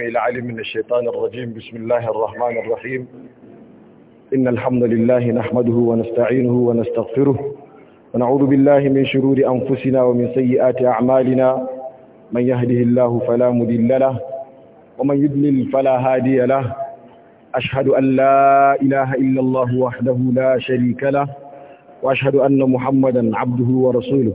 إلى علم من الشيطان الرجيم بسم الله الرحمن الرحيم إن الحمد لله نحمده ونستعينه ونستغفره ونعوذ بالله من شرور أنفسنا ومن سيئات أعمالنا من يهده الله فلا مذل له ومن يضلل فلا هادي له أشهد أن لا إله إلا الله وحده لا شريك له وأشهد أن محمدا عبده ورسوله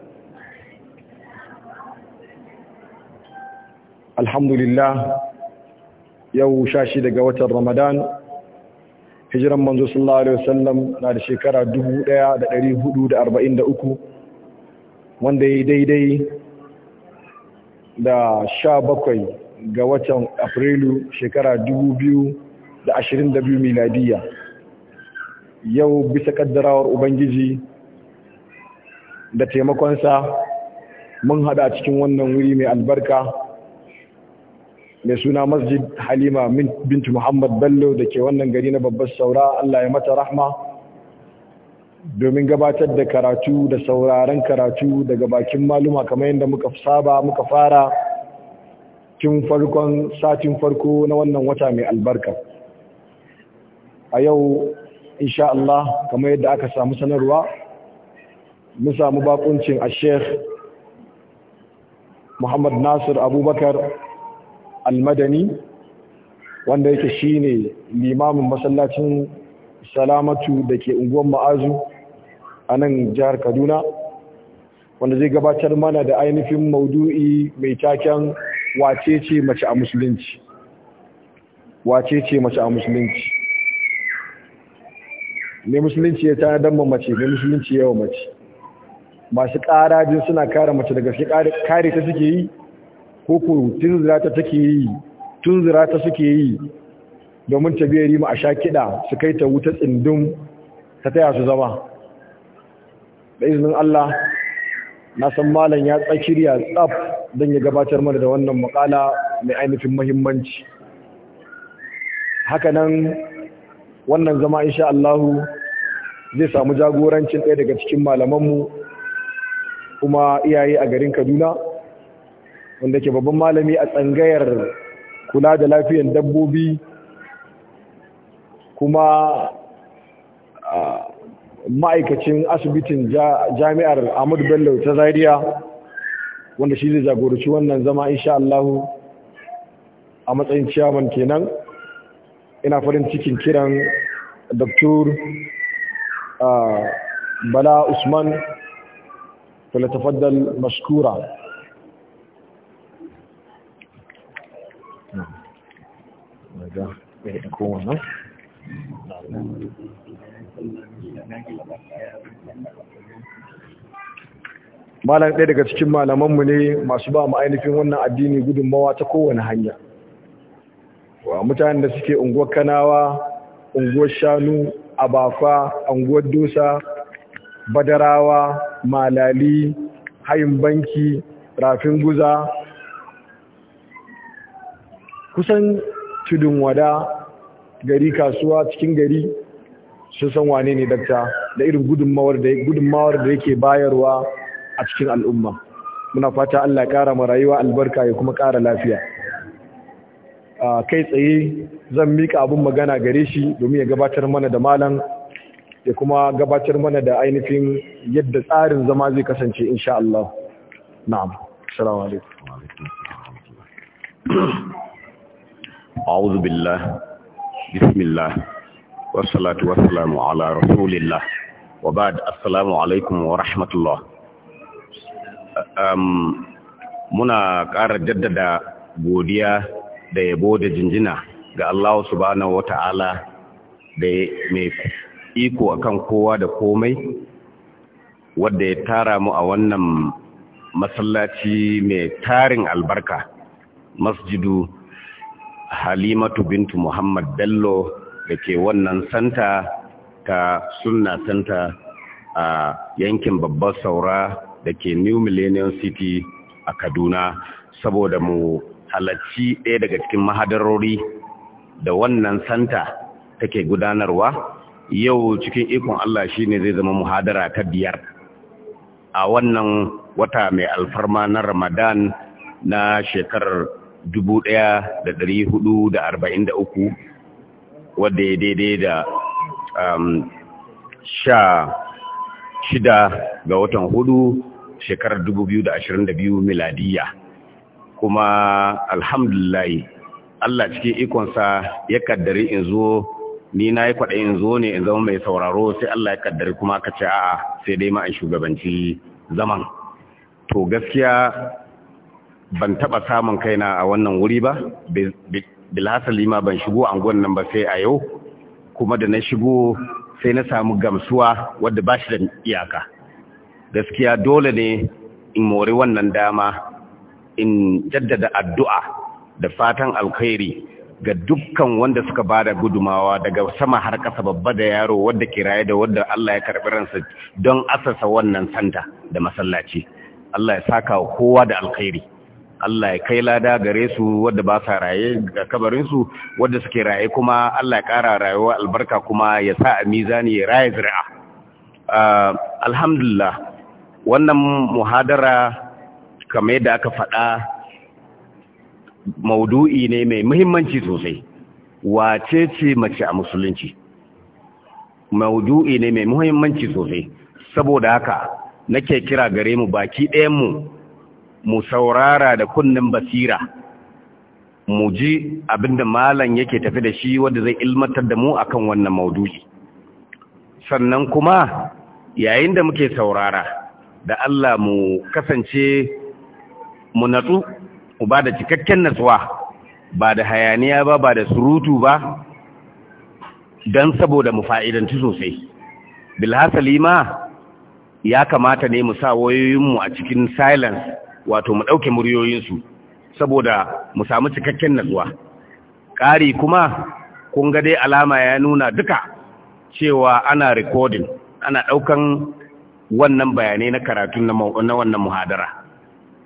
alhamdulillah yau sha shi daga watan ramadan hijiran manzo sallallahu alaihi wasallam na da shekara 1443 wanda ya yi daidai da sha bakwai ga watan afrilu shekara 2022 miladiya yau bisa kaddarawar ubangiji da taimakonsa mun hada cikin wannan wuri mai albarka mai suna masjid halima binti muhammad bello da ke wannan gari na babbar saura allah ya mata rahma domin gabatar da karatu da sauraren karatu daga bakin maluma kamar yadda muka saba muka fara tun farkon satin farko na wannan wata mai albarka a yau insha Allah kamar yadda aka samu sanarwa mun samu bakuncin a sheikh muhammad nasir abubakar almadani wanda yake ne limamin masallacin salamatu da ke unguwan ma'azu a nan jihar kaduna wanda zai gabatar mana da ainihin maudu'i mai taken wace ce mace a musulunci wace ce mace a musulunci ne musulunci ya tana damban mace ne musulunci yawa mace masu ƙara jin suna kare mace daga shi kare ta suke yi ko ko tunzira ta take yi tunzira ta suke yi domin ta biya rima a sha kiɗa su kai ta wuta tsindin ta taya su zama da izinin Allah na san malam ya tsakiriya tsaf don ya gabatar mana da wannan makala mai ainihin mahimmanci nan, wannan zama in sha Allahu zai samu jagorancin ɗaya daga cikin malamanmu kuma iyaye a garin Kaduna wanda ke babban malami a tsangayar kula da lafiyan dabbobi kuma ma'aikacin asibitin jami'ar Ahmadu Bello ta zariya wanda shi zai jagoranci wannan zama insha Allah a matsayin ciyaman kenan ina farin cikin kiran Dr. Bala Usman فلتفضل Maskura. malam ɗaya daga cikin malamanmu ne masu ba mu ainihin wannan addini gudunmawa ta kowane hanya wa mutanen da suke unguwar kanawa unguwar shanu abafa unguwar dusa badarawa malali hayin banki rafin guza kusan tudun wada gari kasuwa cikin gari sun san wane ne dakta da irin gudunmawar da gudunmawar da yake bayarwa a cikin al'umma muna fata Allah ya kara mu rayuwa albarka ya kuma kara lafiya a kai tsaye zan mika abun magana gare shi domin ya gabatar mana da malam ya kuma gabatar mana da ainihin yadda tsarin zama zai kasance insha Allah na'am assalamu alaikum أعوذ بالله بسم الله والصلاة والسلام على رسول الله وبعد السلام عليكم ورحمة muna ƙara jaddada godiya da yabo da jinjina ga Allah subhanahu wata'ala da mai iko akan kowa da komai wadda ya tara mu a wannan masallaci mai tarin albarka masjidu halimatu bintu muhammad bello da ke wannan santa ta sunna santa a yankin babbar saura da ke new millennium city a kaduna saboda mu halarci ɗaya daga cikin mahadarori da wannan santa take gudanarwa yau cikin ikon Allah shi ne zai zama muhadara ta biyar a wannan wata mai alfarma na ramadan na shekarar Dubu ɗaya da uku, wadda ya daidai da um, sha shida ga watan hudu shekarar biyu miladiyya kuma alhamdulillah Allah cikin ikonsa ya kaddari in zo ni na yi kwaɗa in zo ne in zama mai sauraro sai Allah ya kaddari kuma aka ce a'a sai dai ma in shugabanci zaman to gaskiya ban taba samun kaina a wannan wuri ba bilhassali ma ban shigo anguwan nan ba sai a yau kuma da na shigo sai na samu gamsuwa wadda ba shi da iyaka gaskiya dole ne in mori wannan dama in jaddada addu'a da fatan alkhairi ga dukkan wanda suka ba da gudumawa daga sama har kasa babba da yaro wadda kiraye da wadda Allah ya karɓi ransa don asasa wannan santa da masallaci Allah ya saka kowa da alkhairi Allah ya kai lada gare su wadda ba sa raye ga kabarin su wadda suke raye kuma Allah ya kara rayuwa albarka kuma ya sa a mizani ya raye zira ah, alhamdulillah wannan muhadara kamar da aka faɗa maudu'i ne mai muhimmanci sosai wace ce mace a musulunci maudu'i ne mai muhimmanci sosai saboda haka nake kira gare mu baki ɗayan mu mu saurara da kunnen basira mu ji abinda malam yake tafi da shi wanda zai ilmantar da mu akan wannan mawduyi sannan kuma yayin da muke saurara da Allah mu kasance mu natsu mu ba da cikakken natsuwa ba da hayaniya ba ba da surutu ba don saboda mu fa'idanci sosai bilhassa lima ya kamata ne mu sa wayoyinmu a cikin silence wato mu ɗauke muryoyinsu saboda mu samu cikakken natsuwa ƙari kuma kun ga dai alama ya nuna duka cewa ana recording ana ɗaukan wannan bayanai na karatun na wannan muhadara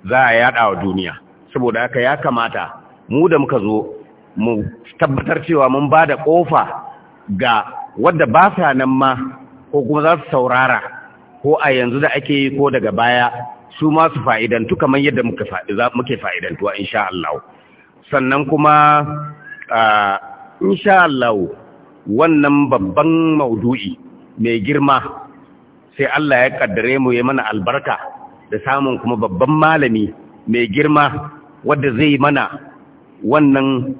za a yada wa duniya saboda haka ya kamata mu da muka zo mu tabbatar cewa mun ba da ƙofa ga wadda ba sa nan ma ko kuma za su saurara ko a yanzu da ake yi ko daga baya su ma su fa'idantu kamar yadda muke fa'idantuwa insha Allah sannan kuma insha Allah wannan babban maudu'i mai girma sai Allah ya kaddare mu ya mana albarka da samun kuma babban malami mai girma wadda zai mana wannan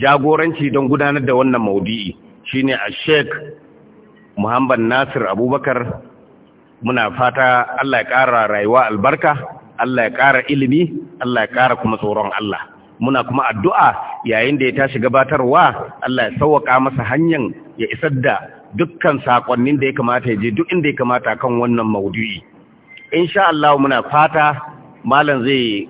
jagoranci don gudanar da wannan maudu'i shi ne a Sheikh Muhammad Nasir Abubakar muna fata Allah ya ƙara rayuwa albarka Allah ya ƙara ilimi Allah ya ƙara kuma tsoron Allah muna kuma addu'a yayin da ya tashi gabatarwa Allah ya sauwaka masa hanyar ya isar da dukkan sakonnin da ya kamata ya je duk inda ya kamata kan wannan maudu'i sha Allah muna fata malam zai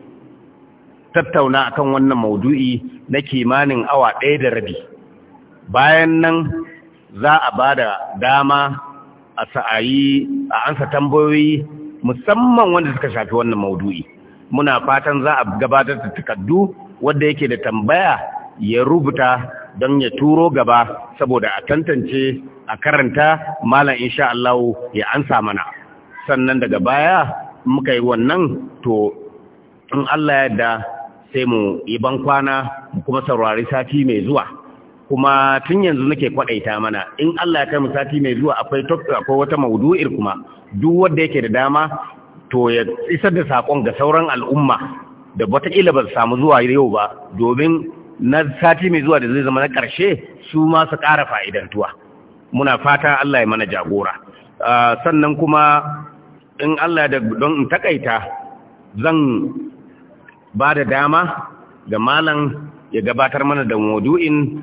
tattauna akan wannan maudu'i na kimanin awa ɗaya da rabi bayan nan za a ba da dama a sa'ayi a ansa tambayoyi musamman wanda suka shafi wannan maudu'i muna fatan za a gabatar da takaddu wanda yake da tambaya ya rubuta don ya turo gaba saboda a tantance a karanta malam insha Allah ya ansa mana sannan daga baya muka yi wannan to in Allah ya yarda sai mu yi ban kwana kuma saurari sati mai zuwa kuma tun yanzu nake kwadaita mana in Allah ya kai mu sati mai zuwa akwai akwai wata maudu'ir kuma duk wanda yake da dama to ya isar da sakon ga sauran al'umma da wataƙila ba su samu zuwa yau ba domin na sati mai zuwa da zai zama na ƙarshe su ma su ƙara fa'idantuwa muna fata Allah ya mana jagora ah, sannan kuma in Allah da don in takaita zan ba da dama ga malam ya gabatar mana da maudu'in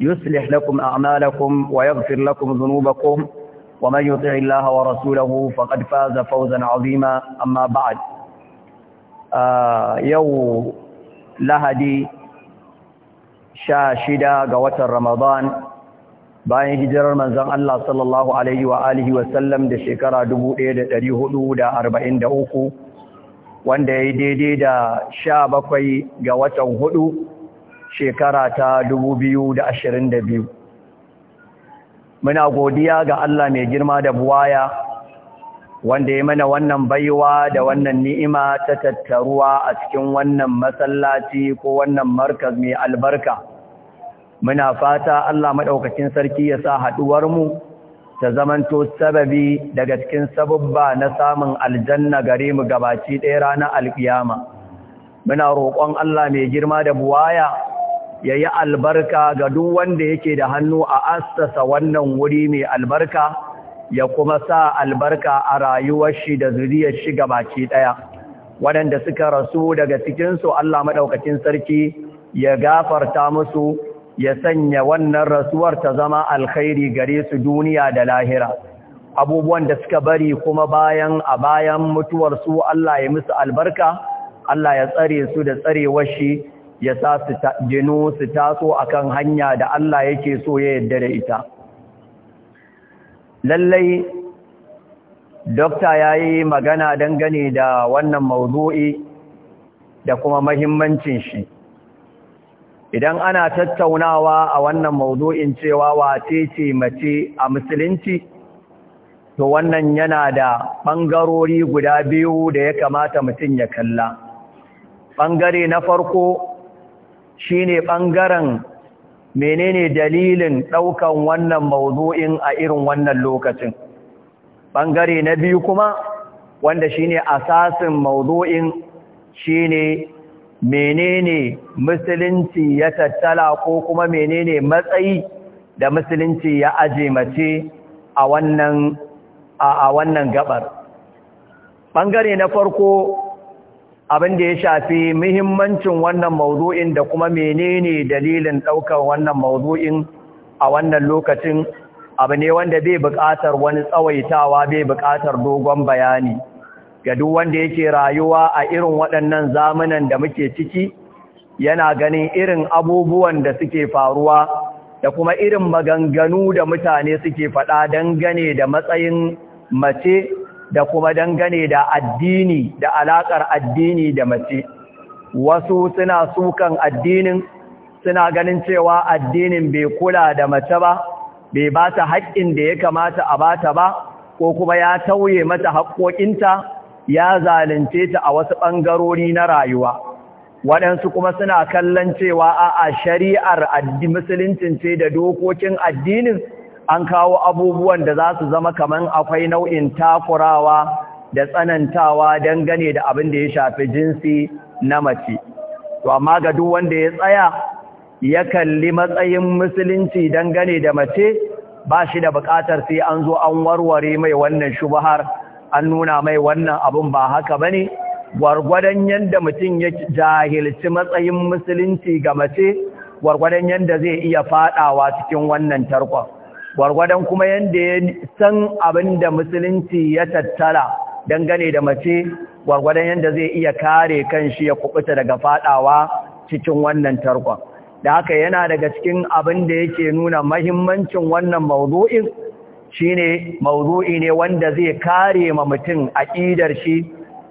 يصلح لكم أعمالكم ويغفر لكم ذنوبكم ومن يطع الله ورسوله فقد فاز فوزا عظيما أما بعد آه يو لهدي شاشدا قوة رمضان bayan hijirar manzon Allah sallallahu alaihi wa alihi wa sallam da shekara 1443 wanda yayi daidai da 17 ga watan huɗu. shekara ta da ashirin biyu. muna godiya ga Allah mai girma da buwaya wanda ya mana wannan baiwa da wannan ni'ima ta tattaruwa a cikin wannan masallaci ko wannan markaz mai albarka muna fata Allah maɗaukacin sarki ya sa haɗuwar mu ta zamanto sababi daga cikin sababba na samun aljanna gare mu gabaci ɗaya ranar alkiyama muna roƙon Allah mai girma da buwaya ya yi albarka ga duk wanda yake da hannu a assasa wannan wuri mai albarka ya kuma sa albarka a rayuwar shi da zuriyar shi ga baki ɗaya waɗanda suka rasu daga cikinsu Allah maɗaukacin sarki ya gafarta musu ya sanya wannan rasuwar ta zama alkhairi gare su duniya da lahira abubuwan da suka bari kuma bayan a bayan mutuwarsu Allah ya musu albarka Allah ya tsare su da tsarewar shi ya sa su jinu su taso akan hanya da Allah yake so ya yarda da ita lallai dokta ya yi magana dangane da wannan mawdu'i da kuma mahimmancin shi idan ana tattaunawa a wannan mawdu'in cewa wace ce mace a musulunci to wannan yana da bangarori guda biyu da ya kamata mutum ya kalla bangare na farko Shi ne ɓangaren menene dalilin ɗaukan wannan mawuzo'in a irin wannan lokacin ɓangare na biyu kuma wanda shi shine asasin mawuzo'in shine menene musulunci ya tattala ko kuma menene matsayi da musulunci ya aje mace a wannan gabar ɓangare na farko abin da ya shafi muhimmancin wannan mawuzo'in da kuma menene dalilin ɗaukar wannan mawuzo'in a wannan lokacin abu ne wanda bai buƙatar wani tsawaitawa bai buƙatar dogon bayani ga duk wanda yake rayuwa a irin waɗannan zamanan da muke ciki yana ganin irin abubuwan da suke faruwa da kuma irin maganganu da mutane suke faɗa dangane da matsayin mace da kuma dangane da addini da alaƙar addini da mace wasu suna sukan addinin suna ganin cewa addinin bai kula da mace ba bai ba ta haƙƙin da ya kamata a ba ta ba ko kuma ya tauye mata haƙƙoƙinta ya zalunce ta a wasu ɓangarori na rayuwa waɗansu kuma suna kallon cewa a'a shari'ar musulunci ce da dokokin addinin an kawo abubuwan da za su zama kamar akwai nau'in takurawa da tsanantawa don gane da abin da ya shafi jinsi na mace to amma ga duk wanda ya tsaya ya kalli matsayin musulunci don gane da mace ba shi da buƙatar sai an zo an warware mai wannan shubahar an nuna mai wannan abin ba haka ba ne? gwargwadon yadda mutum ya jahilci matsayin musulunci ga mace gwargwadon yadda zai iya faɗawa cikin wannan tarkon gwargwadon kuma yadda ya san abin da musulunci ya tattara dangane da mace gwargwadon yadda zai iya kare kan shi ya kubuta daga fadawa cikin wannan tarkon da haka yana daga cikin abin da yake nuna mahimmancin wannan shi shine mawdu'i ne wanda zai kare ma mutum aqidar shi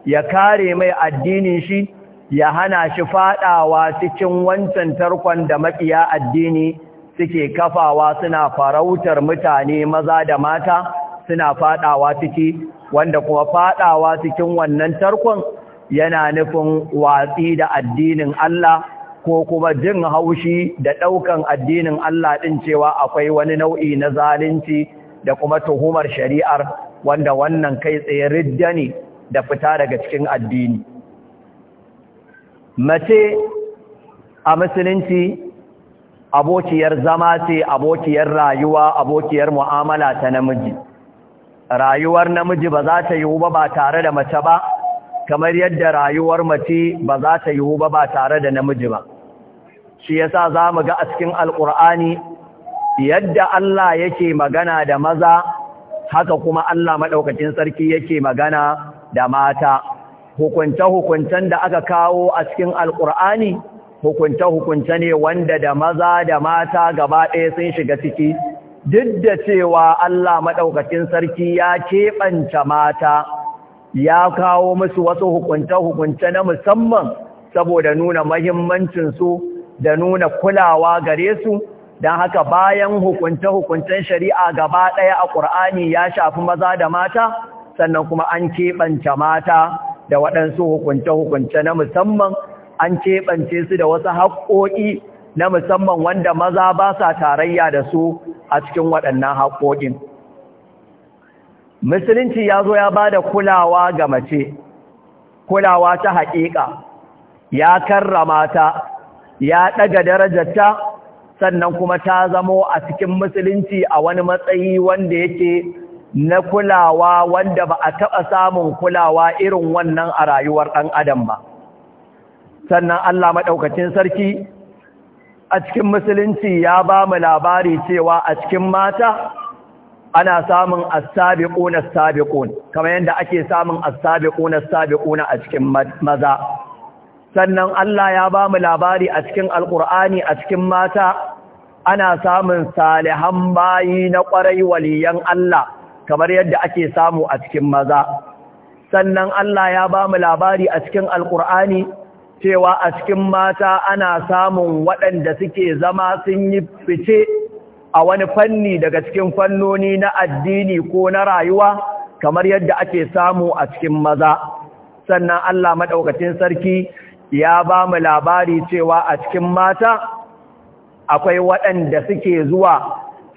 ya kare mai addinin shi ya hana shi fadawa cikin wancan tarkon da makiya addini suke kafawa suna farautar mutane maza da mata suna fadawa ciki wanda kuma fadawa cikin wannan tarkon yana nufin watsi da addinin Allah ko kuma jin haushi da ɗaukan addinin Allah ɗin cewa akwai wani nau'i na zalunci da kuma tuhumar shari'ar wanda wannan kai tsaye ridda ne da fita daga cikin addini. Mace a musulunci abokiyar zama ce abokiyar rayuwa abokiyar mu'amala ta namiji rayuwar namiji ba za ta yiwu ba ba tare da mace ba kamar yadda rayuwar mace ba za ta yiwu ba ba tare da namiji ba shi yasa za mu ga a cikin alƙur'ani yadda Allah yake magana da maza haka kuma Allah maɗaukacin sarki yake magana da mata hukunce-hukuncen da aka kawo a cikin alƙur'ani hukunce-hukunce ne wanda da maza da mata gaba ɗaya sun shiga ciki duk da cewa Allah maɗaukacin sarki ya keɓanta mata ya kawo musu wasu hukunce-hukunce na musamman saboda nuna mahimmancinsu da nuna kulawa gare su don haka bayan hukunce-hukuncen shari'a gaba ɗaya a ƙur'ani ya shafi maza da mata sannan kuma an keɓanta mata da waɗansu hukunce-hukunce na musamman an keɓance su da wasu haƙoƙi na musamman wanda maza ba sa tarayya da su a cikin waɗannan haƙoƙin. Musulunci ya zo ya ba da kulawa ga mace, kulawa ta haƙiƙa, ya karrama ta, ya ɗaga darajarta, sannan kuma ta zamo a cikin musulunci a wani matsayi wanda yake na kulawa wanda ba a taɓa samun kulawa irin wannan a rayuwar ɗan adam ba. sannan Allah maɗaukacin sarki a cikin musulunci ya ba mu labari cewa a cikin mata ana samun asabi ƙuna sabi ƙuna kamar yadda ake samun asabi ƙuna sabi ƙuna a cikin maza sannan Allah ya ba mu labari a cikin Alƙur'ani a cikin mata ana samun salihan bayi na ƙwarai waliyan Allah kamar yadda ake samu a cikin maza sannan Allah ya ba mu labari a cikin Alƙur'ani. cewa a cikin mata ana samun waɗanda suke zama sun yi fice a wani fanni daga cikin fannoni na addini ko na rayuwa kamar yadda ake samu a cikin maza sannan Allah maɗaukacin sarki ya ba mu labari cewa a cikin mata akwai waɗanda suke zuwa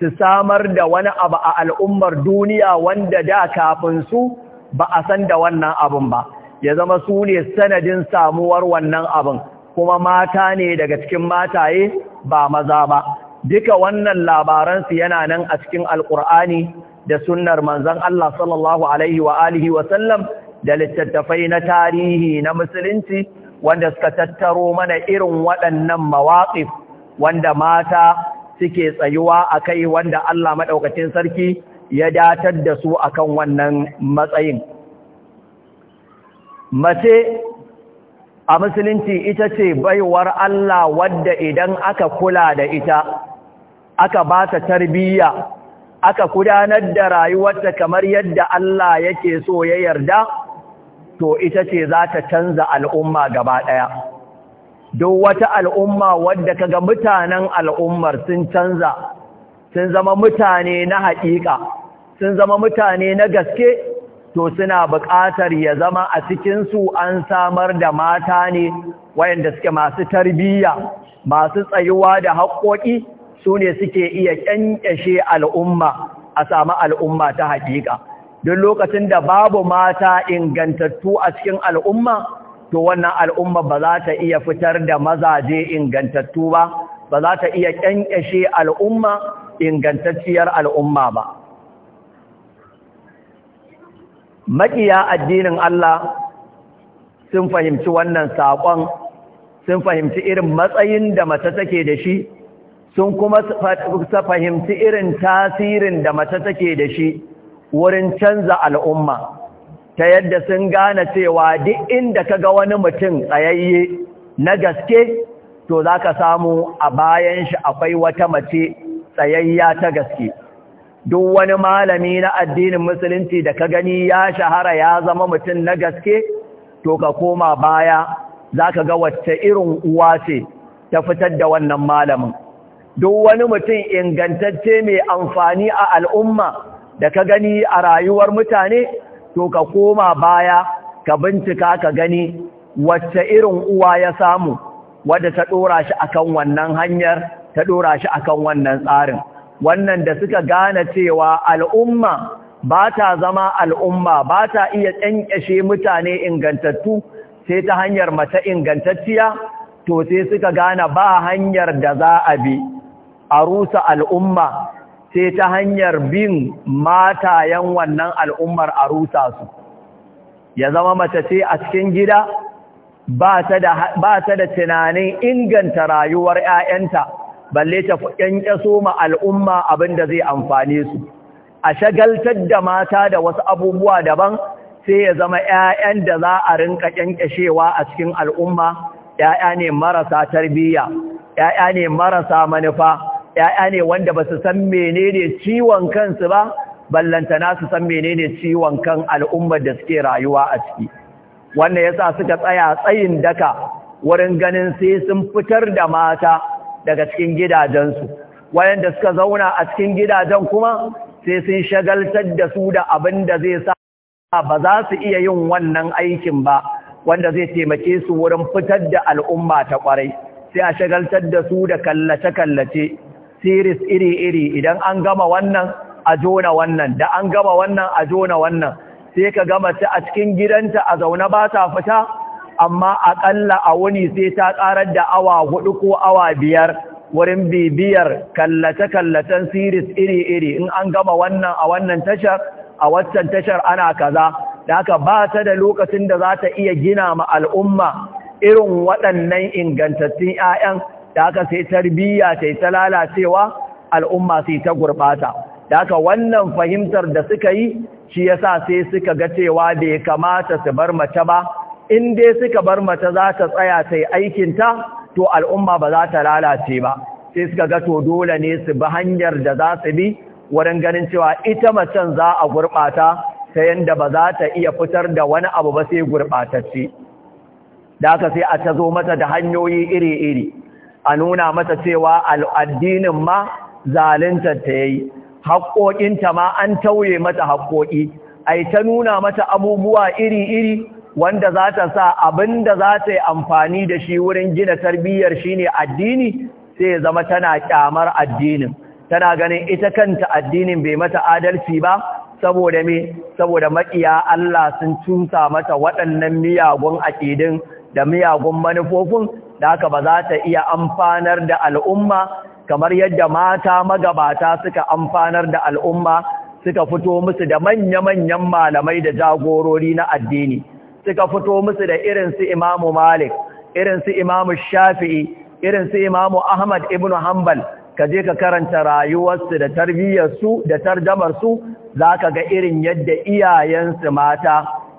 su samar da wani abu a al'ummar duniya wanda da kafin su ba a san da wannan abun ba ya zama su ne sanadin samuwar wannan abin kuma mata ne daga cikin mataye ba maza ba duka wannan labaransu yana nan a cikin alkur'ani da sunnar manzon Allah sallallahu alaihi wa alihi wa da littattafai na tarihi na musulunci wanda suka tattaro mana irin waɗannan mawaƙif wanda mata suke tsayuwa a kai wanda Allah maɗaukacin sarki ya datar da su a kan wannan matsayin. mace a musulunci ita ce baiwar Allah wadda idan aka kula da ita aka ba ta tarbiyya aka gudanar da rayuwarta kamar yadda Allah yake so ya yarda to ita ce za ta canza al'umma gaba ɗaya duk wata al'umma wadda kaga mutanen al'ummar sun canza sun zama mutane na haƙiƙa sun zama mutane na gaske to suna buƙatar ya zama a cikinsu an samar da mata ne wayanda suke masu tarbiyya masu tsayuwa da haƙoƙi su ne suke iya ƙyanƙyashe al'umma a sami al'umma ta haƙiƙa duk lokacin da babu mata ingantattu a cikin al'umma to wannan al'umma ba za ta iya fitar da mazaje ingantattu ba ba za ta iya ƙyanƙyashe al'umma ingantacciyar al'umma ba maƙiya addinin Allah sun fahimci wannan saƙon sun fahimci irin matsayin da mace take da shi sun kuma fahimci irin tasirin da mace take da shi wurin canza al'umma ta yadda sun gane cewa duk inda ka ga wani mutum tsayayye na gaske to za ka samu a bayan shi akwai wata mace tsayayya ta gaske duk wani malami na addinin musulunci da ka gani ya shahara ya zama mutum na gaske to ka koma baya za ka ga wacce irin uwa ce ta fitar da wannan malamin duk wani mutum ingantacce mai amfani a al'umma da ka gani a rayuwar mutane to ka koma baya ka bincika ka gani wacce irin uwa ya samu wadda ta ɗora shi akan wannan hanyar ta ɗora shi akan wannan tsarin wannan da suka gane cewa al'umma ba ta zama al'umma ba ta iya ƙyanƙyashe mutane ingantattu sai ta hanyar mace ingantacciya to sai suka gane ba hanyar da za a bi a rusa al'umma sai ta hanyar bin matayen wannan al'ummar a rusa su ya zama mace ce a cikin gida ba ta da tunanin inganta rayuwar ‘ya'yanta’ balle ta kyankyaso ma al'umma abin da zai amfane su a shagaltar da mata da wasu abubuwa daban sai ya zama ‘ya'yan da za a rinka kyankyashewa a cikin al'umma ‘ya'ya ne marasa tarbiyya ‘ya'ya ne marasa manufa ‘ya'ya ne wanda ba su san menene ciwon kansu ba ballantana su san menene ciwon kan al'ummar da suke rayuwa a ciki wannan yasa suka tsaya tsayin daka wurin ganin sai sun fitar da mata daga cikin gidajensu wayanda suka zauna a cikin gidajen kuma sai sun shagaltar da su da abin da zai sa ba za su iya yin wannan aikin ba wanda zai taimake su wurin fitar da al'umma ta kwarai sai a shagaltar da su da kallace-kallace series iri-iri idan an gama wannan a jona wannan da an gama wannan a jona wannan sai ka gama ta a cikin gidanta a zaune ba ta fita amma aƙalla a wuni sai ta ƙarar da awa hudu ko awa biyar wurin bibiyar kallace-kallacen siris iri-iri in an gama wannan a wannan tashar a waccan tashar ana kaza da haka ba ta da lokacin da za ta iya gina ma al'umma irin waɗannan ingantattun 'ya'yan da haka sai tarbiyya ta ta lalacewa al'umma sai ta gurɓata da haka wannan fahimtar da suka yi shi yasa sai suka ga cewa bai kamata su bar mace ba in dai suka bar mace za ta tsaya ta yi aikinta to al'umma ba za ta lalace ba sai suka ga to dole ne su bi hanyar da za su bi wurin ganin cewa ita macen za a gurɓata ta yadda ba za ta iya fitar da wani abu ba sai gurɓatacce da aka sai a ta zo mata da hanyoyi iri-iri a nuna mata cewa al'addinin ma zaluntar ta yi. haƙoƙinta ma an tauye mata haƙoƙi ai ta nuna mata abubuwa iri-iri wanda za ta sa abin da za ta yi amfani da shi wurin gina tarbiyyar shi ne addini sai ya zama tana kyamar addinin tana ganin ita kanta addinin bai mata adalci ba saboda me saboda maƙiya, Allah sun cusa mata waɗannan miyagun aƙidin da miyagun manufofin da haka ba za ta iya amfanar da al'umma kamar yadda mata magabata suka amfanar da al'umma suka fito musu da manya-manyan malamai da jagorori na addini suka fito musu da irin su imamu malik irin su imamu shafi'i irin su imamu ahmad ibn hanbal ka je ka karanta rayuwarsu da tarbiyyarsu da tarjamarsu za ka ga irin yadda iyayensu mata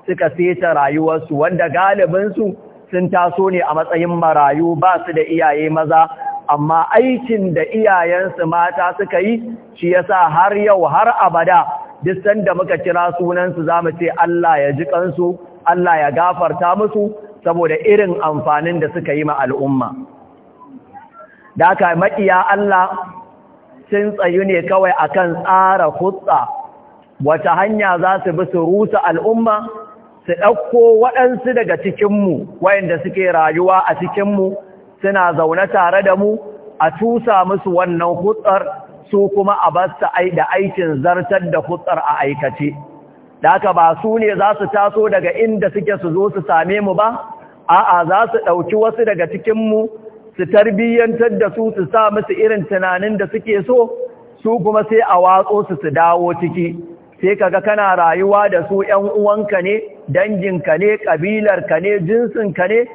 suka seta rayuwarsu wanda galibinsu sun taso ne a matsayin marayu ba su da iyaye maza amma aikin da iyayensu mata suka yi shi ya sa har yau har abada duk sanda muka kira sunansu za mu ce Allah ya ji kansu Allah ya gafarta musu saboda irin amfanin da suka yi ma al'umma da aka maƙiya Allah sun tsayu ne kawai akan tsara hutsa wata hanya za su bi su rusa al'umma su ɗauko waɗansu daga cikinmu wayanda suke rayuwa a cikinmu suna zaune tare da mu a tusa musu wannan hutsar su kuma a basta da aikin zartar da hutsar a aikace da haka ba su ne za su taso daga inda suke su zo su same mu ba a'a za su ɗauki wasu daga cikinmu su tarbiyyantar da su su sa musu irin tunanin da suke so su kuma sai a watso su su dawo ciki sai kaga kana rayuwa da su ‘yan uwanka ne danginka ne ƙabilarka ne jinsinka ne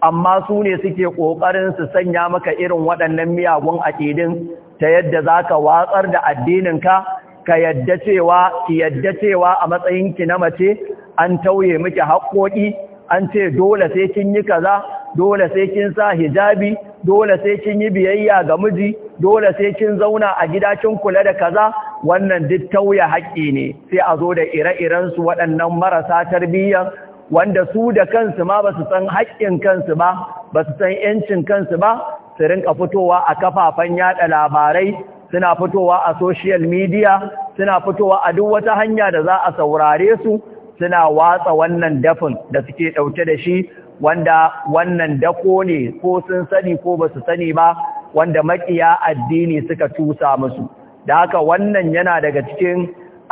amma su ne suke ƙoƙarin su sanya maka irin waɗannan miyagun aƙidin ta yadda za ka watsar da addininka ka yadda cewa ki yadda cewa a matsayin ki na mace an tauye miki haƙoƙi an ce dole sai kin yi kaza dole sai kin sa hijabi dole sai kin yi biyayya ga miji dole sai kin zauna a gida kin kula da kaza wannan duk tauye haƙƙi ne sai a zo da ire-iren su waɗannan marasa tarbiyya wanda su da kansu ma basu san haƙƙin kansu ba basu san 'yancin kansu ba su rinka fitowa a kafafen yada labarai suna fitowa a social media suna fitowa a duk wata hanya da za a saurare su suna watsa wannan dafin da suke ɗauke da shi wanda wannan dako ne ko sun sani ko ba su sani ba wanda maƙiya addini suka tusa musu da haka wannan yana daga cikin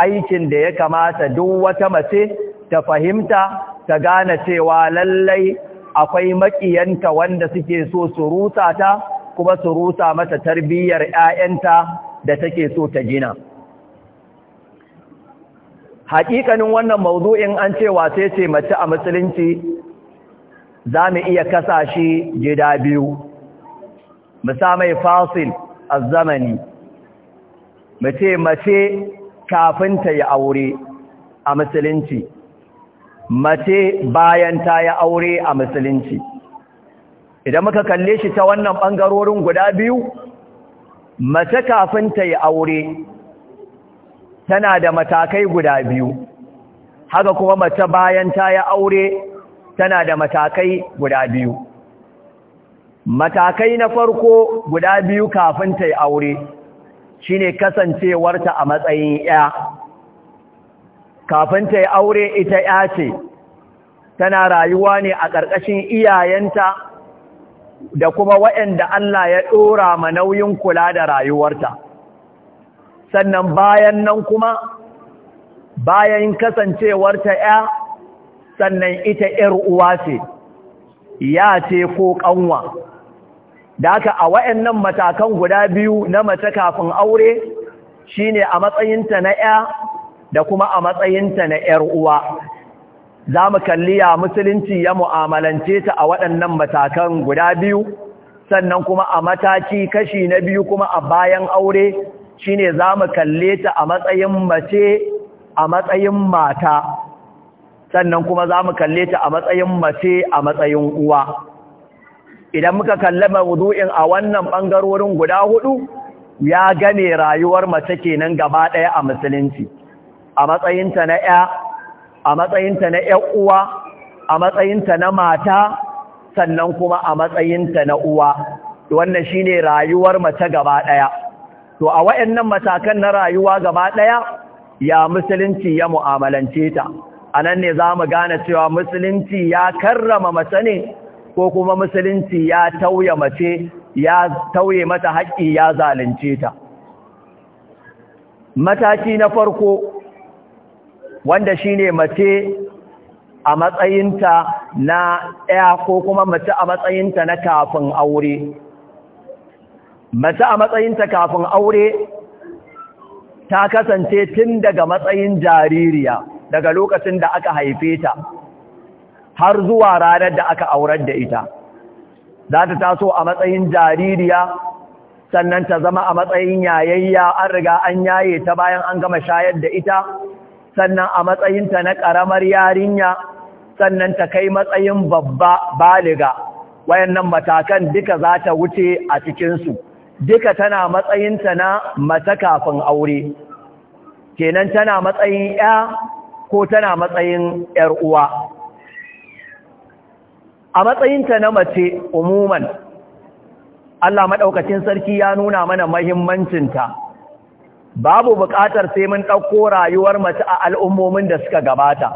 aikin da ya kamata duk wata mace ta fahimta ta gane cewa lallai akwai makiyanta wanda suke so su rusa ta kuma su rusa mata tarbiyyar ‘ya'yanta da take so ta gina. Hakikanin wannan mauzu'in an cewa sai ce mace a musulunci za mu iya kasa gida biyu, musamman fasil a zamani, mace mace kafin ta yi aure a musulunci, mace bayan ta yi aure a musulunci. idan muka kalle shi ta wannan ɓangarorin guda biyu mace kafin ta yi aure tana da matakai guda biyu haka kuma mace bayan ta yi aure tana da matakai guda biyu matakai na farko guda biyu kafin ta yi aure shine kasancewarta a matsayin ya kafin ta yi aure ita ya ce tana rayuwa ne a ƙarƙashin iyayenta da kuma waɗanda Allah ya ɗora ma nauyin kula da rayuwarta sannan bayan nan kuma bayan kasancewarta ya sannan ita ‘yar uwa ce ya ce ko ƙanwa da haka a waɗannan matakan guda biyu na mace kafin aure shine a matsayinta na ‘ya da kuma a matsayinta na ‘yar uwa za mu kalli ya musulunci ya mu'amalance ta a waɗannan matakan guda biyu sannan kuma a mataki kashi na biyu kuma a bayan aure shine za mu kalle ta a matsayin mace a matsayin mata sannan kuma za mu kalle ta a matsayin mace a matsayin uwa idan muka kalli mawudu'in a wannan ɓangarorin guda hudu ya gane rayuwar mace kenan gaba ɗaya a musulunci a matsayinta na 'ya a matsayinta na ‘yan uwa a matsayinta na mata sannan kuma a matsayinta na uwa wannan shine rayuwar mace gaba ɗaya to a wayannan matakan na rayuwa gaba ɗaya ya musulunci ya mu'amalance ta A nan ne zamu gane cewa musulunci ya karrama mace ne ko kuma musulunci ya tauye mace ya tauye mata haƙƙi ya zalunce ta mataki na farko wanda shine mace a matsayinta na ɗaya ko kuma mace a matsayinta na kafin aure mace a matsayinta kafin aure ta kasance tun daga matsayin jaririya daga lokacin da aka haife ta har zuwa ranar da aka aurar da ita za ta taso a matsayin jaririya sannan ta zama a matsayin yayayya an riga an yaye ta bayan an gama shayar da ita sannan a matsayinta na ƙaramar yarinya sannan ta kai matsayin babba baliga wayannan matakan duka za ta wuce a cikinsu duka tana matsayinta na mata kafin aure kenan tana matsayin ya ko tana matsayin ‘yar uwa a matsayinta na mace umuman Allah maɗaukacin sarki ya nuna mana mahimmancinta babu buƙatar sai mun ɗauko rayuwar mace a al'ummomin da suka gabata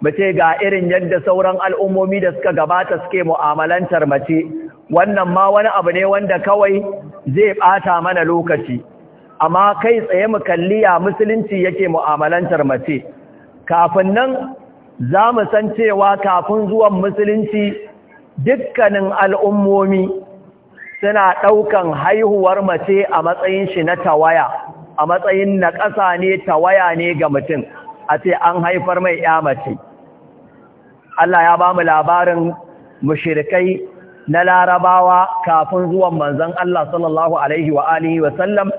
mace ga irin yadda sauran al'ummomi da suka gabata suke mu'amalantar mace wannan ma wani abu ne wanda kawai zai ɓata mana lokaci amma kai tsaye mu kalli ya musulunci yake mu'amalantar mace kafin nan za mu san cewa kafin zuwan musulunci dukkanin al'ummomi suna ɗaukan haihuwar mace a matsayin shi na tawaya a matsayin na ƙasa ne ta waya ne ga mutum a ce an haifar mai ya mace Allah ya ba mu labarin mushirikai na larabawa kafin zuwan manzon Allah sallallahu alaihi wa’alihi wasallam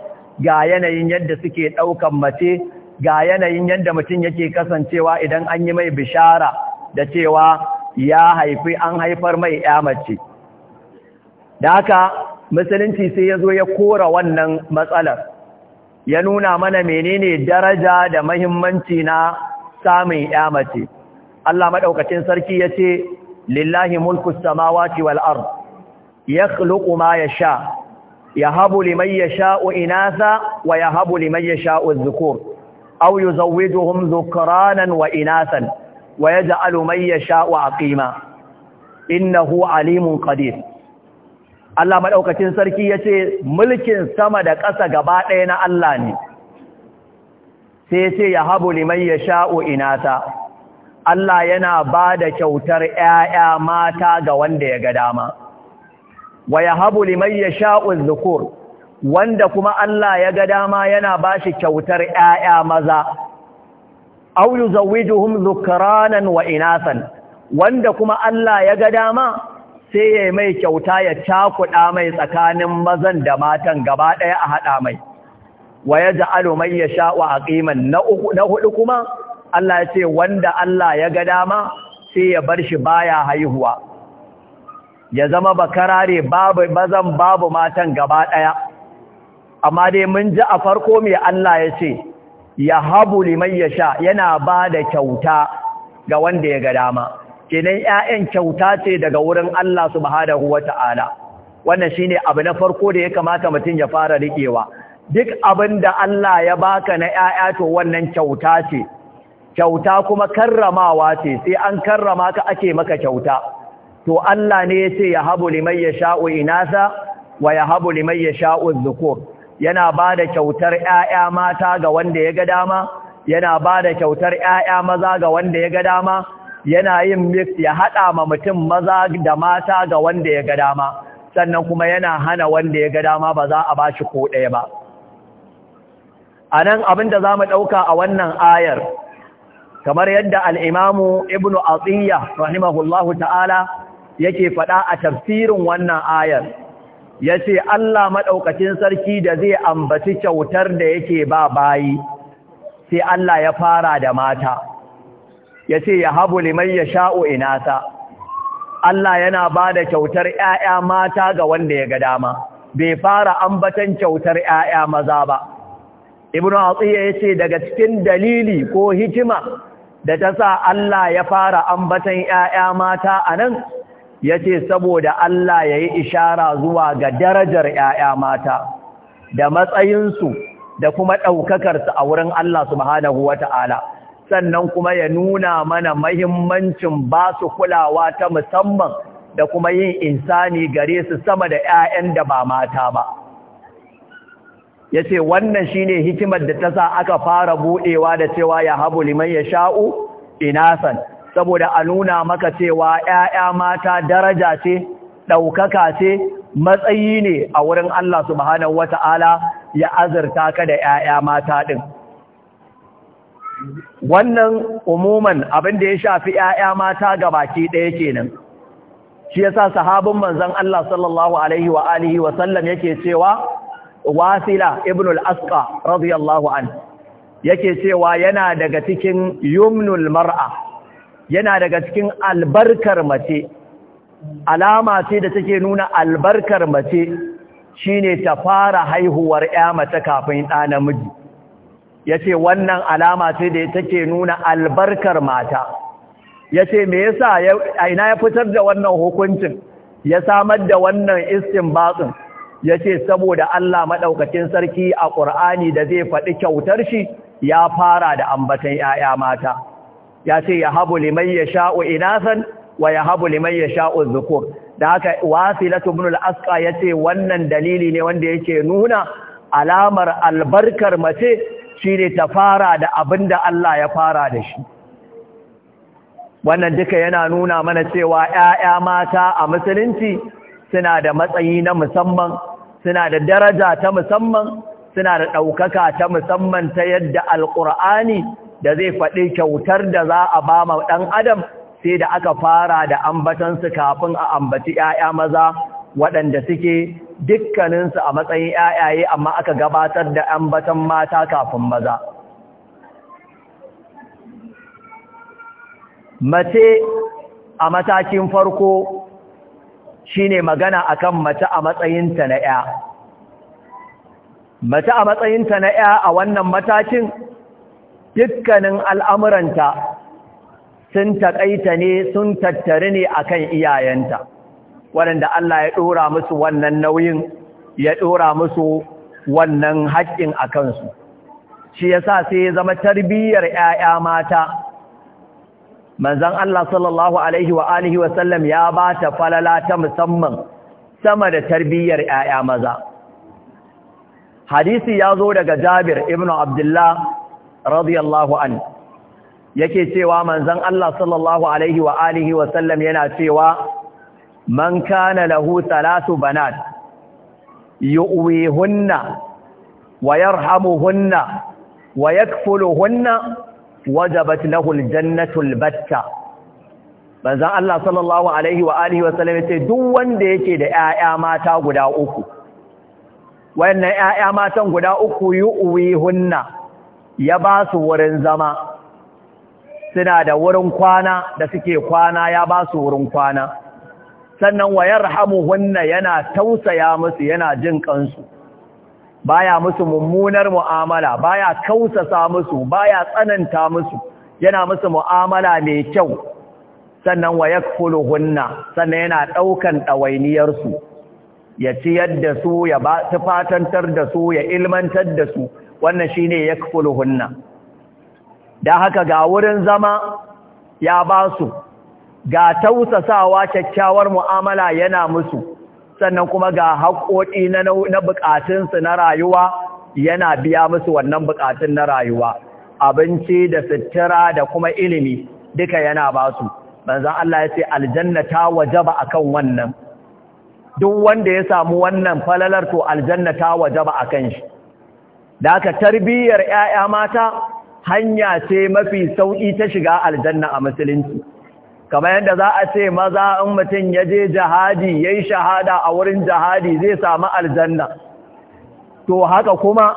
ga yanayin yadda suke ɗaukan mace ga yanayin yadda mutum yake kasancewa idan an yi mai bishara da cewa ya haifi an haifar mai ya mace da haka musulunci sai ya zo ya kora wannan matsalar ya nuna mana menene daraja da mahimmanci na samun ya Allah madaukakin sarki yace lillahi mulku samawati wal ard yakhluqu ma yasha yahabu liman yasha'u inatha wa yahabu liman yasha adh-dhukur aw yuzawwiduhum dhukranan wa inathan wa yaj'alu man yasha aqima innahu alimun qadir Allah maɗaukacin sarki ya ce mulkin sama da ƙasa gaba ɗaya na Allah ne sai yace ce ya habu liman ya sha'o inata Allah yana ba da kyautar ‘ya'ya mata ga wanda ya ga dama wa ya habu liman ya sha'o zukur wanda kuma Allah ya ga dama yana ba shi kyautar ‘ya'ya maza au yi zukranan wa inasan wanda kuma Allah ya ga dama sai ya mai kyauta ya cakuɗa mai tsakanin mazan da matan gaba ɗaya a haɗa mai wa ya mai ya yasha'u aqiman na ƙiman na hudu kuma Allah ya ce wanda Allah ya ga dama sai ya bar shi baya haihuwa ya zama bakarare babu mazan babu matan gaba ɗaya amma dai mun ji a farko mai Allah ya ce ya habu ya sha, yana ba da kyauta ga wanda ya ga dama kenan ƴaƴan kyauta ce daga wurin Allah subhanahu wata'ala wannan shine abu na farko da ya kamata mutum ya fara rikewa duk abin da Allah ya baka na ƴaƴa to wannan kyauta ce kyauta kuma karramawa ce sai an karrama ka ake maka kyauta to Allah ne ya ce ya habu liman yasha'u inasa wa ya liman yasha'u dhukur yana bada kyautar ƴaƴa mata ga wanda ya ga dama yana bada kyautar ƴaƴa maza ga wanda ya ga dama yana yin mix ya haɗa ma mutum maza da mata ga wanda ya ga dama sannan kuma yana hana wanda ya ga dama ba za a ba shi ko ɗaya ba a nan abin da za mu ɗauka a wannan ayar kamar yadda al'imamu ibnu atiyya rahimahullahu ta'ala yake faɗa a tafsirin wannan ayar ya ce Allah maɗaukacin sarki da zai ambaci kyautar da yake ba bayi sai Allah ya fara da mata ya ce ya habu liman ya sha'o inasa Allah yana ba da kyautar ‘ya'ya mata ga wanda ya ga dama bai fara ambatan kyautar ‘ya'ya maza ba ibn atsiya ya ce daga cikin dalili ko hikima da ta sa Allah ya fara ambatan ‘ya'ya mata a nan ya ce saboda Allah ya yi ishara zuwa ga darajar ‘ya'ya mata da matsayinsu da kuma ɗaukakarsu a wurin Allah subhanahu wata’ala. sannan kuma ya nuna mana mahimmancin ba su kulawa ta musamman da kuma yin insani gare su sama da 'ya'yan da ba mata ba ya ce wannan shi ne hikimar da ta sa aka fara buɗewa da cewa ya habu liman ya sha'u inasan saboda a nuna maka cewa 'ya'ya mata daraja ce ɗaukaka ce matsayi ne a wurin Allah subhanahu wata'ala ya azurta ka da 'ya'ya mata ɗin wannan umuman abin da ya shafi ‘ya'ya mata gabaki ɗaya kenan shi yasa sahabin manzon Allah sallallahu alaihi wa alihi wa yake cewa wasila ibn al’asƙa asqa radiyallahu an yake cewa yana daga cikin yumnul mar'a yana daga cikin albarkar mace alama ce da take nuna albarkar mace shine ta fara haihuwar ‘ya mace kafin ɗa namiji ya ce wannan alama ce da take nuna albarkar mata ya ce me yasa ina ya fitar da wannan hukuncin ya samar da wannan istinbatsin ya ce saboda Allah maɗaukacin sarki a ƙur'ani da zai faɗi kyautar shi ya fara da ambatan ‘ya'ya mata ya ce ya habu liman ya sha'u inasan wa ya habu liman ya sha'u zukur da haka wasilatu ibn al-asqa yace wannan dalili ne wanda yake nuna alamar albarkar mace shi ne ta fara da abin da Allah ya fara da shi wannan duka yana nuna mana cewa ‘ya'ya mata a musulunci suna da matsayi na musamman suna da daraja ta musamman suna da ɗaukaka ta musamman ta yadda alƙur'ani da zai faɗi kyautar da za a ba ma ɗan adam sai da aka fara da ambatansu kafin a ambaci ‘ya'ya maza waɗanda suke dukkaninsu a matsayin ‘ya'yaye amma aka gabatar da 'yan batan mata kafin maza. Mace a matakin farko shine magana akan mace a matsayinta na ‘ya. Mace a matsayinta na ‘ya a wannan matakin dukkanin al'amuranta sun taƙaita ne sun tattari ne akan iyayenta. waɗanda Allah ya ɗora musu wannan nauyin ya ɗora musu wannan haƙƙin a kansu shi yasa sai ya zama tarbiyyar 'ya'ya mata manzon Allah sallallahu alaihi ya ba ta falala ta musamman sama da tarbiyyar 'ya'ya maza hadisi ya zo daga Jabir ibn Abdullah radiyallahu anhu yake cewa manzon Allah sallallahu alaihi yana cewa من كان له ثلاث بنات يؤويهن ويرحمهن ويكفلهن وجبت له الجنة البتة بزا الله صلى الله عليه وآله وسلم دون ديك دي آياما تاغدا أكو وإن آياما تاغدا أكو يؤويهن يباس ورنزما سنادا ورنقوانا دا سكي قوانا يباس ورنقوانا sannan wa hunna yana tausaya musu yana jin kansu baya musu mummunar mu'amala baya kausasa musu baya tsananta musu yana musu mu'amala mai kyau sannan wa hunna sannan yana daukan dawainiyar su ya ciyar da su ya tufatantar da su ya ilmantar da su wannan shine hunna. dan haka ga wurin zama ya ba su ga tausasawa kyakkyawar mu'amala yana musu sannan kuma ga haƙoƙi na buƙatunsu na rayuwa yana biya musu wannan buƙatun na rayuwa abinci da sutura da kuma ilimi duka yana ba su manzon Allah ya ce aljanna ta wajaba akan wannan duk wanda ya samu wannan falalar to aljanna ta wajaba akan shi da aka tarbiyyar 'ya'ya mata hanya ce mafi sauƙi ta shiga aljanna a musulunci kamar yadda za a ce maza in mutum ya je jihadi ya yi shahada a wurin jihadi zai samu aljanna to haka kuma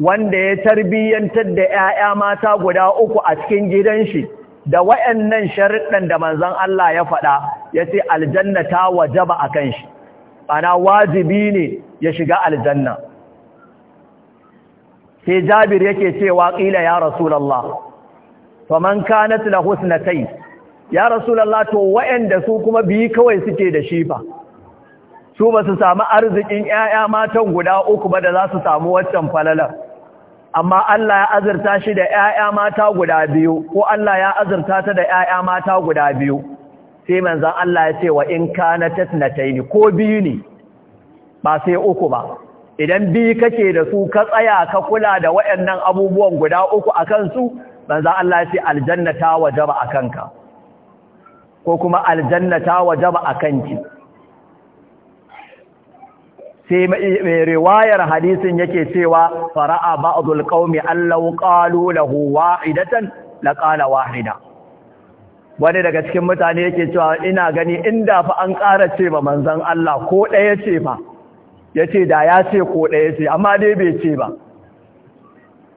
wanda ya tarbiyyantar da 'ya'ya mata guda uku a cikin gidan shi da wayannan sharuɗan da manzon Allah ya faɗa ya ce aljanna ta wajaba a kan shi ana wajibi ne ya shiga aljanna sai jabir yake cewa ƙila ya rasulallah faman kanat lahu husnatai. ya rasulallah to wa'anda su kuma biyu kawai suke da shi fa su ba su samu arzikin 'ya'ya matan guda uku ba da za su samu waccan falalar amma Allah ya azurta shi da 'ya'ya mata guda biyu ko Allah ya azurta ta da 'ya'ya mata guda biyu sai manzon Allah ya ce wa in kana tatnataini ko biyu ne ba sai uku ba idan biyu kake da su ka tsaya ka kula da waɗannan abubuwan guda uku akan su manzon Allah ya ce aljanna ta a kanka. ko kuma aljannata ta wajaba a ki sai mai riwayar hadisin yake cewa fara'a ba'dul qaumi allahu qalu lahu wa'idatan laqala wahida wani daga cikin mutane yake cewa ina gani inda fa an ƙara ce ba manzon Allah ko ɗaya ce fa yace da ya ce ko ɗaya ce amma dai bai ce ba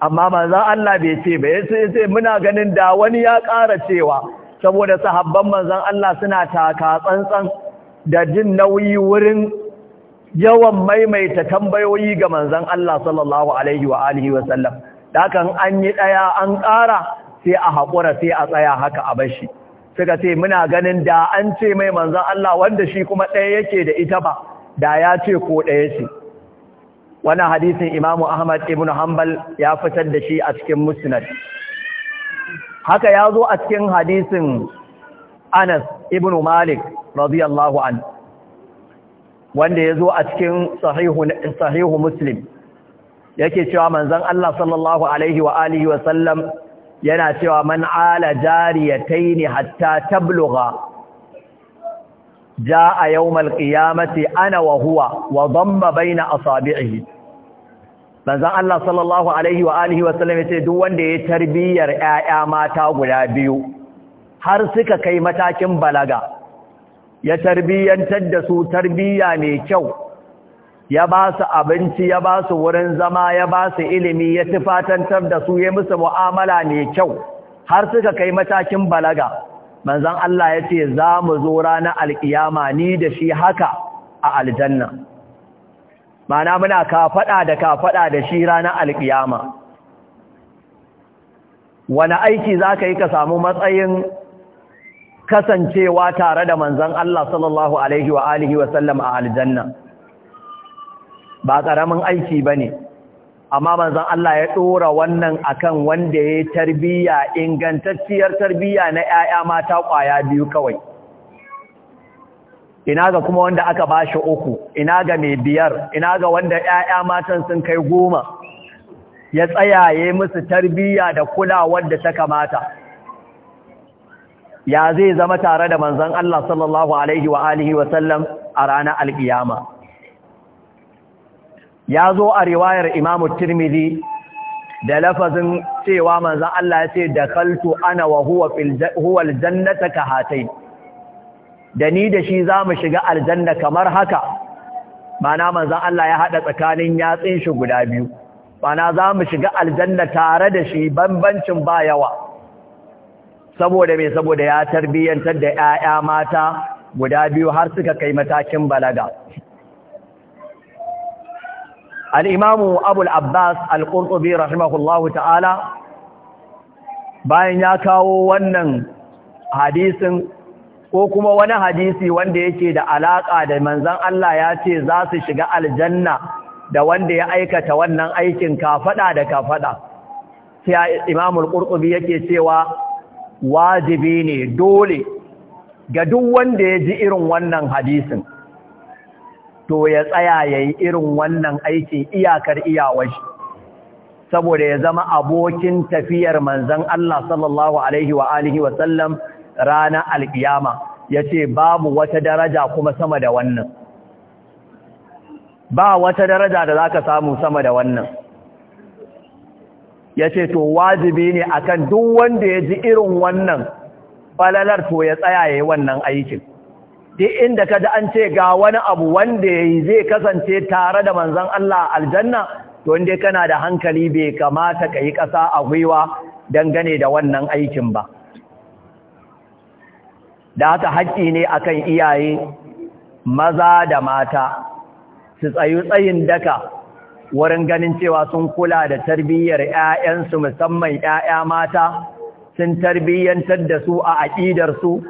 amma manzon Allah bai ce ba yace muna ganin da wani ya ƙara cewa saboda sahabban manzon Allah suna taka tsantsan da jin nauyi wurin yawan maimaita tambayoyi ga manzon Allah sallallahu alaihi wa alihi wa sallam dakan an yi daya an ƙara sai a haƙura sai a tsaya haka a bashi suka ce muna ganin da an ce mai manzon Allah wanda shi kuma ɗaya yake da ita ba da ya ce ko ɗaya ce wannan hadisin Imam ahmad ibn hanbal ya fitar da shi a cikin musnad haka ya zo a cikin hadisin Anas ibn Malik radiyallahu an wanda ya zo a cikin sahihu Muslim yake cewa manzon Allah sallallahu alaihi wa alihi wa sallam yana cewa man ala jariyataini hatta tablugha jaa yawm qiyamati ana wa huwa wa damma baina asabi'ihi manzon Allah sallallahu alaihi wa alihi wa sallam yace duk wanda ya tarbiyyar ƴaƴa mata guda biyu har suka kai matakin balaga ya tarbiyantar da su tarbiya mai kyau ya ba su abinci ya ba su wurin zama ya ba su ilimi ya tufatantar da su ya musu mu'amala mai kyau har suka kai matakin balaga manzon Allah yace za mu zo ranar alkiyama ni da shi haka a aljanna mana muna ka kafaɗa da ka kafaɗa da shi ranar alƙiyama wani aiki za ka yi ka samu matsayin kasancewa tare da manzan Allah sallallahu Alaihi wa alihi a aljanna ba ƙaramin aiki ba ne amma manzan Allah ya ɗora wannan akan wanda ya yi tarbiyya ingantacciyar tarbiyya na ‘ya'ya mata ƙwaya biyu kawai ina ga kuma wanda aka ba shi uku ina ga mai biyar ina ga wanda 'ya'ya matan sun kai goma ya tsayaye musu tarbiyya da kulawar da ta kamata ya zai zama tare da manzon Allah sallallahu alaihi wa alihi wa sallam a ranar alkiyama ya zo a riwayar Imamu Tirmidhi da lafazin cewa manzon Allah ya ce kaltu ana wa huwa fil huwa ka da ni da shi za mu shiga aljanna kamar haka mana manzan Allah ya haɗa tsakanin yatsin shi guda biyu mana za mu shiga aljanna tare da shi bambancin ba yawa saboda mai saboda ya tarbiyyantar da 'ya'ya mata guda biyu har suka kai matakin balaga al'imamu abul abbas al'urtubi rahimahullahu ta'ala bayan ya kawo wannan hadisin ko kuma wani hadisi wanda yake da alaƙa da manzan Allah ya ce za su shiga aljanna da wanda ya aikata wannan aikin kafaɗa da kafaɗa. Sai Imamul Qurtubi yake cewa wajibi ne dole ga duk wanda ya ji irin wannan hadisin to ya tsaya yayi irin wannan aiki iyakar iyawashi saboda ya zama abokin tafiyar manzan Allah sallallahu alaihi wa alihi wa sallam ranar alƙiyama ya ce babu wata daraja kuma sama da wannan ba wata daraja da za ka samu sama da wannan ya ce to wajibi ne akan duk wanda ya ji irin wannan falalar to ya tsaya ya wannan aikin duk inda ka ji an ce ga wani abu wanda ya zai kasance tare da manzan Allah aljanna to inda kana da hankali bai kamata ka yi ƙasa a gwiwa dangane da wannan aikin ba da haka haƙƙi ne akan iyaye maza da mata su tsayu tsayin daka wurin ganin cewa sun kula da tarbiyyar 'ya'yansu musamman 'ya'ya mata sun tarbiyyantar da su a aƙidarsu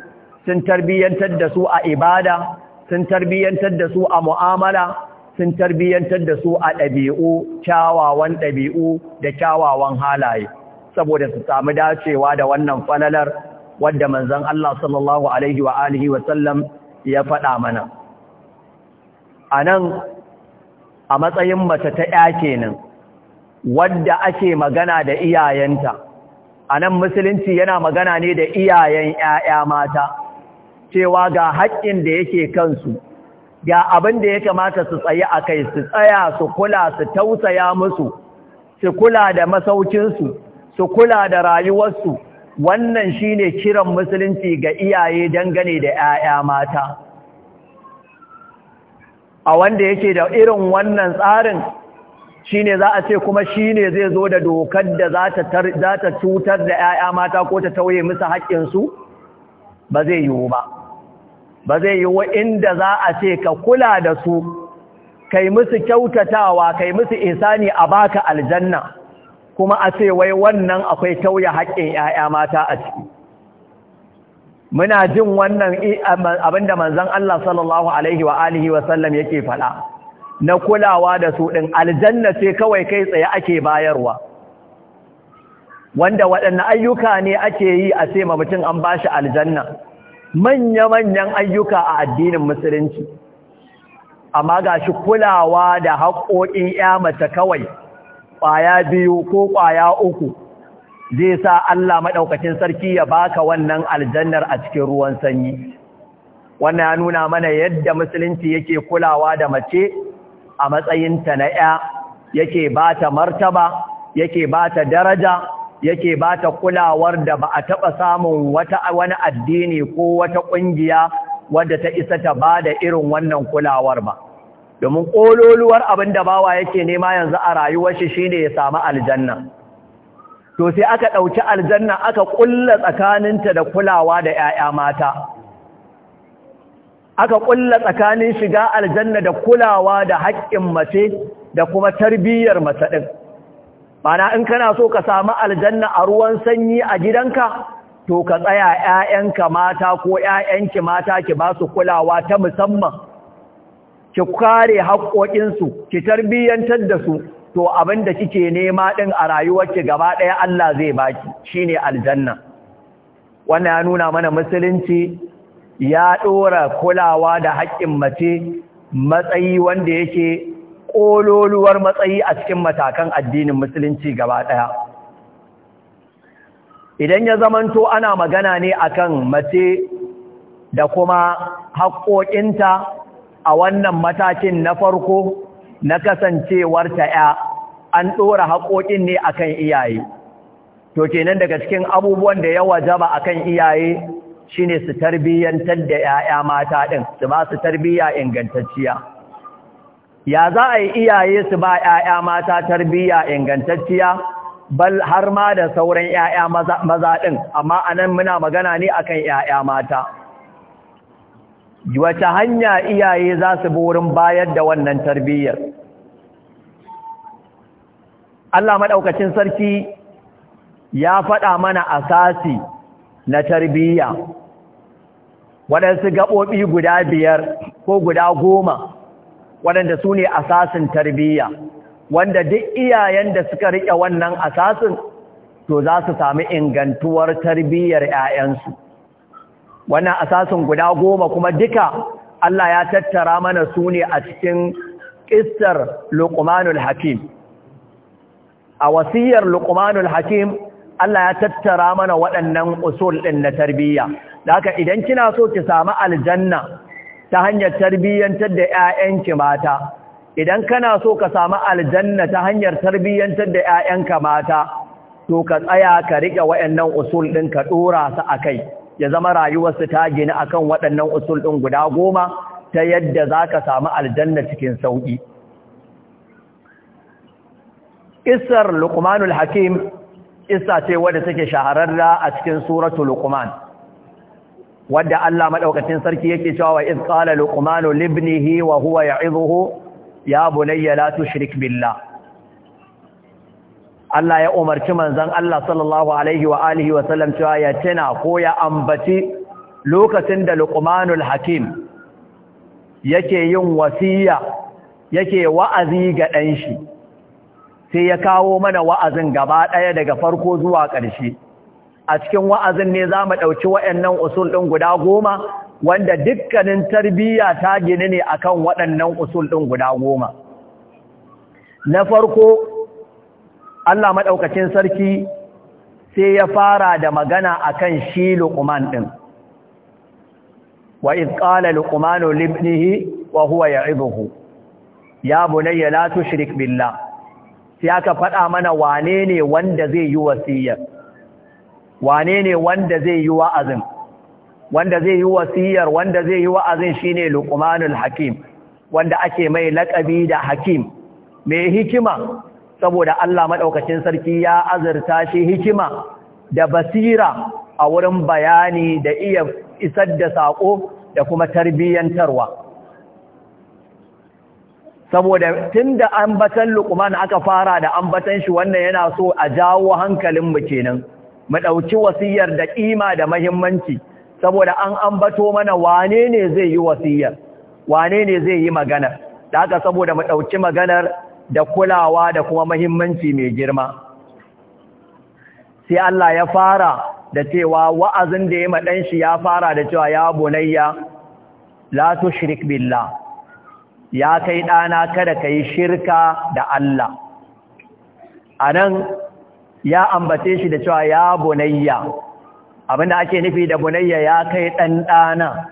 sun tarbiyyantar da su a ibada sun tarbiyyantar da su a mu'amala sun tarbiyyantar da su a ɗabi'u kyawawan ɗabi'u da kyawawan halaye saboda su sami dacewa da wannan falalar wadda manzon Allah sallallahu alaihi wa alihi wa sallam ya faɗa mana nan a matsayin mace ta ya kenan wadda ake magana da iyayenta anan musulunci yana magana ne da iyayen ƴaƴa mata cewa ga haƙƙin da yake kansu ga abin da ya kamata su tsaye a kai su tsaya su kula su tausaya musu su kula da masaukinsu su kula da rayuwarsu wannan shine kiran musulunci ga iyaye dangane da 'ya'ya mata a wanda yake da irin wannan tsarin shine za a ce kuma shine zai zo da dokar da za ta cutar da 'ya'ya mata ko ta tauye musu haƙƙinsu ba zai yiwu ba ba zai yiwu inda za a ce ka kula da su kai musu kyautatawa kai musu insani a baka aljanna kuma a ce wai wannan akwai tauya haƙƙin ‘ya'ya mata a ciki muna jin wannan abinda manzan Allah sallallahu Alaihi wa alihi wasallam yake faɗa na kulawa da su ɗin aljanna ce kawai kai tsaye ake bayarwa wanda waɗanne ayyuka ne ake yi a ce ma mutum an bashi aljanna manya-manyan ayyuka a addinin musulunci amma ga shi kulawa da haƙoƙin ‘ya mace kawai ƙwaya biyu ko ƙwaya uku zai sa Allah maɗaukacin sarki ya baka wannan aljannar a cikin ruwan sanyi wannan ya nuna mana yadda musulunci yake kulawa da mace a matsayinta na ‘ya yake ba ta martaba yake ba ta daraja yake ba ta kulawar da ba a taɓa samun wani addini ko wata ƙungiya wadda ta isa ta ba da irin wannan kulawar ba. domin ƙololuwar abin da bawa yake nema yanzu a rayuwar shi shine ya samu aljanna to sai aka ɗauki aljanna aka ƙulla tsakaninta da kulawa da 'ya'ya mata aka ƙulla tsakanin shiga aljanna da kulawa da haƙƙin mace da kuma tarbiyyar mace ɗin mana in kana so ka samu aljanna a ruwan sanyi a gidanka to ka tsaya 'ya'yanka mata ko 'ya'yanki mata ki ba su kulawa ta musamman ki kare haƙoƙinsu ki tarbiyyantar da su to abin da kike nema ɗin a rayuwarki gaba ɗaya Allah zai baki ne aljanna wannan ya nuna mana musulunci ya ɗora kulawa da haƙƙin mace matsayi wanda yake ƙololuwar matsayi a cikin matakan addinin musulunci gaba ɗaya idan ya zamanto ana magana ne akan mace da kuma haƙoƙinta a wannan matakin na farko na kasancewar ta ya an ɗora haƙoƙin ne akan iyaye to kenan daga cikin abubuwan da ya wajaba akan iyaye shine su tarbiyyantar da 'ya'ya mata ɗin su ba su tarbiyya ingantacciya ya za a yi iyaye su ba 'ya'ya mata tarbiyya ingantacciya bal har ma da sauran 'ya'ya maza din, amma anan muna magana ne akan 'ya'ya mata wata hanya iyaye za su bi wurin bayar da wannan tarbiyyar Allah maɗaukacin sarki ya faɗa mana asasi na tarbiyya waɗansu gaɓoɓi guda biyar ko guda goma waɗanda su ne asasin tarbiyya wanda duk iyayen da suka riƙe wannan asasin to za su sami ingantuwar tarbiyyar 'ya'yansu wannan asasin guda goma kuma duka Allah ya tattara mana su ne a cikin ƙistar luqmanul hakim a wasiyar luqmanul hakim Allah ya tattara mana waɗannan usul ɗin na tarbiyya da idan kina so ki samu aljanna ta hanyar tarbiyyantar da 'ya'yanki mata idan kana so ka samu aljanna ta hanyar tarbiyyantar da 'ya'yanka mata to ka tsaya ka riƙe waɗannan usul ɗin ka ɗora su a kai ya zama rayuwarsu ta gina kan waɗannan usul ɗin guda goma ta yadda za ka samu aljanna cikin sauƙi. Isar Luqmanul Hakim isa ce wadda take shahararra a cikin suratu Luqman wadda Allah maɗaukacin sarki yake cewa wa iz qala Luqmanu libnihi wa huwa ya'idhuhu ya bunayya latu shirik billah Allah ya umarci manzon Allah sallallahu alaihi wa alihi wa sallam cewa ya tana ko ya ambaci lokacin da Luqmanul Hakim yake yin wasiya yake wa'azi ga ɗan shi sai ya kawo mana wa'azin gaba ɗaya daga farko zuwa ƙarshe a cikin wa'azin ne za mu ɗauki waɗannan usul ɗin guda goma wanda dukkanin tarbiyya ta gini ne akan waɗannan usul ɗin guda goma na farko Allah maɗaukacin sarki sai ya fara da magana a kan shi luƙuman ɗin wa idh qala luqmanu libnihi wa huwa ya'ibuhu ya bunayya la tushrik billah sai aka faɗa mana wane ne wanda zai yi wasiyar wane ne wanda zai yi wa'azin wanda zai yi wasiyar wanda zai yi wa'azin shine luqmanul hakim wanda ake mai laƙabi da hakim mai hikima saboda Allah maɗaukacin sarki ya azurta shi hikima da basira a wurin bayani da iya isar da saƙo da kuma tarbiyyantarwa. Saboda tun da ambatan Luqman aka fara da ambatan shi wannan yana so a jawo hankalin mu kenan, mu ɗauki wasiyar da ƙima da mahimmanci, saboda an ambato mana wane ne zai yi wasiyar, wane ne zai yi maganar, da haka saboda mu ɗauki maganar da kulawa da kuma mahimmanci mai girma sai Allah ya fara da cewa wa'azin da ya maɗan shi ya fara da cewa ya bunayya la tushrik billah ya kai ɗana kada ka yi shirka da Allah a nan ya ambace shi da cewa ya bunayya abinda ake nufi da bunayya ya kai ɗan ɗana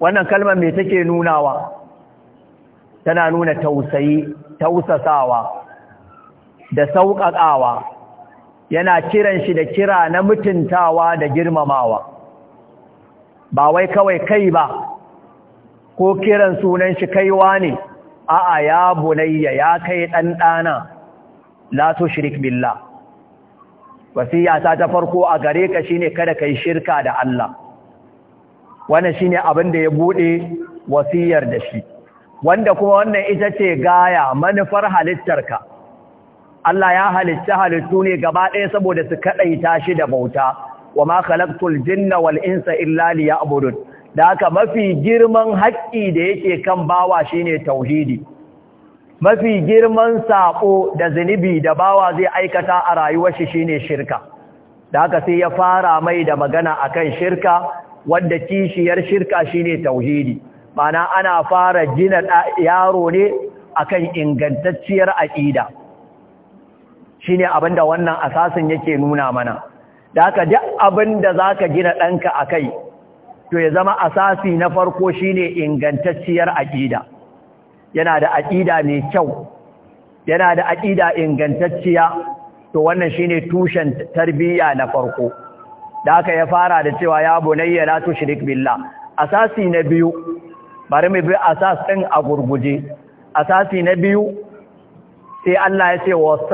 wannan kalmar mai take nunawa tana nuna tausayi tausasawa da sauƙaƙawa yana kiran shi da kira na mutuntawa da girmamawa ba wai kawai kai ba ko kiran sunan shi kaiwa ne a'a ya bunayya ya kai dan dana la shirk billah wasiya ta ta farko a gare ka shine kada kai shirka da Allah wannan shine abin da ya bude wasiyar da shi wanda kuma wannan ita ce gaya manufar halittarka Allah ya halitta halittu ne gaba ɗaya saboda su kaɗaita shi da bauta wa ma khalaqtul jinna wal insa illa liya'budun da haka mafi girman haƙƙi da yake kan bawa shine tauhidi mafi girman saƙo da zunubi da bawa zai aikata a rayuwar shi shine shirka da haka sai ya fara mai da magana akan shirka wanda kishiyar shirka shine tauhidi mana ana fara gina yaro ne akan ingantacciyar aƙida shine abinda wannan asasin yake nuna mana da abin duk abinda zaka gina ɗanka akai to ya zama asasi na farko shine ingantacciyar aƙida yana da aƙida mai kyau yana da aƙida ingantacciya to wannan shine tushen tarbiyya na farko da aka ya fara da cewa ya bunayya la tushrik billah asasi na biyu bari mai bi asas ɗin a gurguje asasi na biyu sai Allah ya ce wa